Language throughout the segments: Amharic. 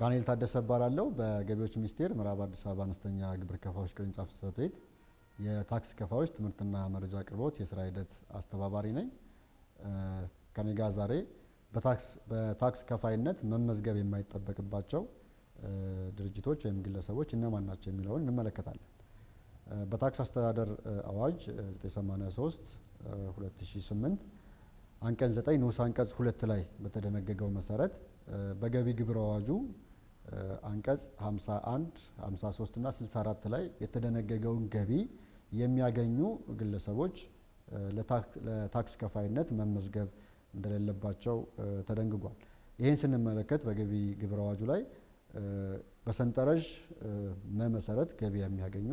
ዳንኤል ታደሰ እባላለሁ። በገቢዎች ሚኒስቴር ምዕራብ አዲስ አበባ አነስተኛ ግብር ከፋዮች ቅርንጫፍ ጽሕፈት ቤት የታክስ ከፋዮች ትምህርትና መረጃ አቅርቦት የስራ ሂደት አስተባባሪ ነኝ። ከኔ ጋር ዛሬ በታክስ ከፋይነት መመዝገብ የማይጠበቅባቸው ድርጅቶች ወይም ግለሰቦች እነማን ናቸው የሚለውን እንመለከታለን። በታክስ አስተዳደር አዋጅ 983 2008 አንቀጽ 9 ንዑስ አንቀጽ 2 ላይ በተደነገገው መሰረት በገቢ ግብር አዋጁ አንቀጽ 51፣ 53 እና 64 ላይ የተደነገገውን ገቢ የሚያገኙ ግለሰቦች ለታክስ ከፋይነት መመዝገብ እንደሌለባቸው ተደንግጓል። ይህን ስንመለከት በገቢ ግብር አዋጁ ላይ በሰንጠረዥ መመሰረት ገቢ የሚያገኙ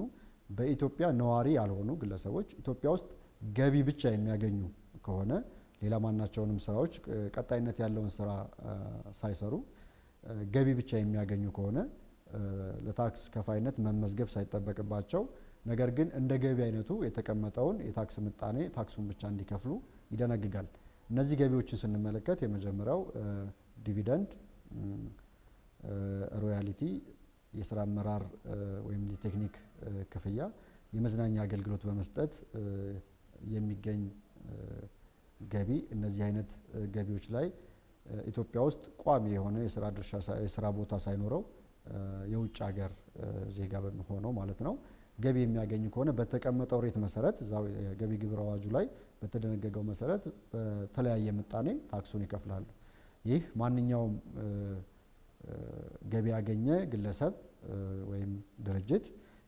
በኢትዮጵያ ነዋሪ ያልሆኑ ግለሰቦች ኢትዮጵያ ውስጥ ገቢ ብቻ የሚያገኙ ከሆነ ሌላ ማናቸውንም ስራዎች ቀጣይነት ያለውን ስራ ሳይሰሩ ገቢ ብቻ የሚያገኙ ከሆነ ለታክስ ከፋይነት መመዝገብ ሳይጠበቅባቸው ነገር ግን እንደ ገቢ አይነቱ የተቀመጠውን የታክስ ምጣኔ ታክሱን ብቻ እንዲከፍሉ ይደነግጋል። እነዚህ ገቢዎችን ስንመለከት የመጀመሪያው ዲቪደንድ፣ ሮያሊቲ፣ የስራ አመራር ወይም የቴክኒክ ክፍያ፣ የመዝናኛ አገልግሎት በመስጠት የሚገኝ ገቢ እነዚህ አይነት ገቢዎች ላይ ኢትዮጵያ ውስጥ ቋሚ የሆነ የስራ ድርሻ የስራ ቦታ ሳይኖረው የውጭ ሀገር ዜጋ ሆነው ማለት ነው ገቢ የሚያገኝ ከሆነ በተቀመጠው ሬት መሰረት እዛው የገቢ ግብር አዋጁ ላይ በተደነገገው መሰረት በተለያየ ምጣኔ ታክሱን ይከፍላሉ። ይህ ማንኛውም ገቢ ያገኘ ግለሰብ ወይም ድርጅት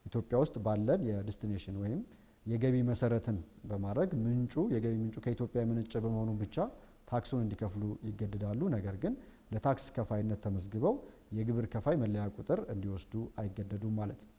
ኢትዮጵያ ውስጥ ባለን የዲስቲኔሽን ወይም የገቢ መሰረትን በማድረግ ምንጩ የገቢ ምንጩ ከኢትዮጵያ የመነጨ በመሆኑ ብቻ ታክሱን እንዲከፍሉ ይገደዳሉ። ነገር ግን ለታክስ ከፋይነት ተመዝግበው የግብር ከፋይ መለያ ቁጥር እንዲወስዱ አይገደዱም ማለት ነው።